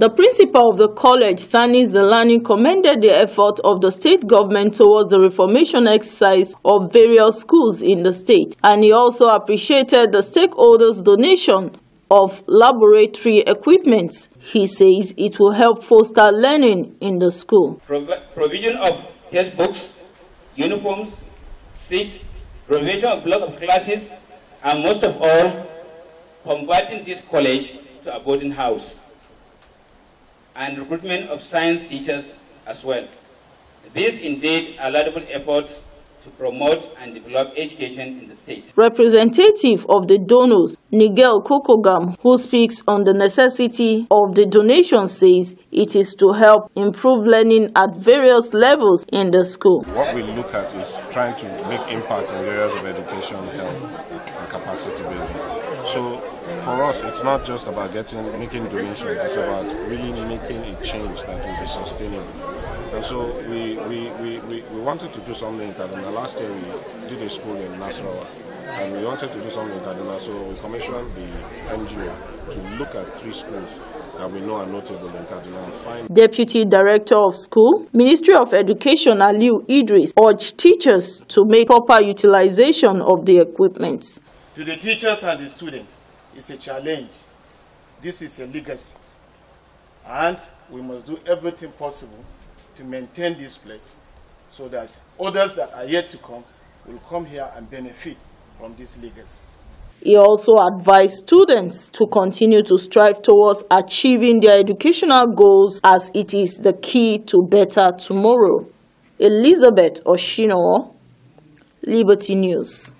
The principal of the college, Sani Zelani, commended the effort of the state government towards the reformation exercise of various schools in the state, and he also appreciated the stakeholders' donation of laboratory equipment. He says it will help foster learning in the school. provision of textbooks, uniforms, seats, provision of block of classes, and most of all, converting this college to a boarding house and recruitment of science teachers as well. These indeed are laudable efforts to promote and develop education in the state. Representative of the donors, Nigel Kokogam, who speaks on the necessity of the donation, says it is to help improve learning at various levels in the school. What we look at is trying to make impact in areas of education, health, and capacity building. So for us, it's not just about getting making donations, it's about really making a change that will be sustainable. And so we, we, we, we, we wanted to do something in Kaduna. Last year we did a school in Nasrawa and we wanted to do something in Kaduna, so we commissioned the NGO to look at three schools that we know are notable in Kaduna and find. Deputy Director of School, Ministry of Education Aliu Idris urged teachers to make proper utilization of the equipment. To the teachers and the students, it's a challenge. This is a legacy. And we must do everything possible to maintain this place so that others that are yet to come will come here and benefit from this legacy. He also advised students to continue to strive towards achieving their educational goals as it is the key to better tomorrow. Elizabeth Oshino, Liberty News.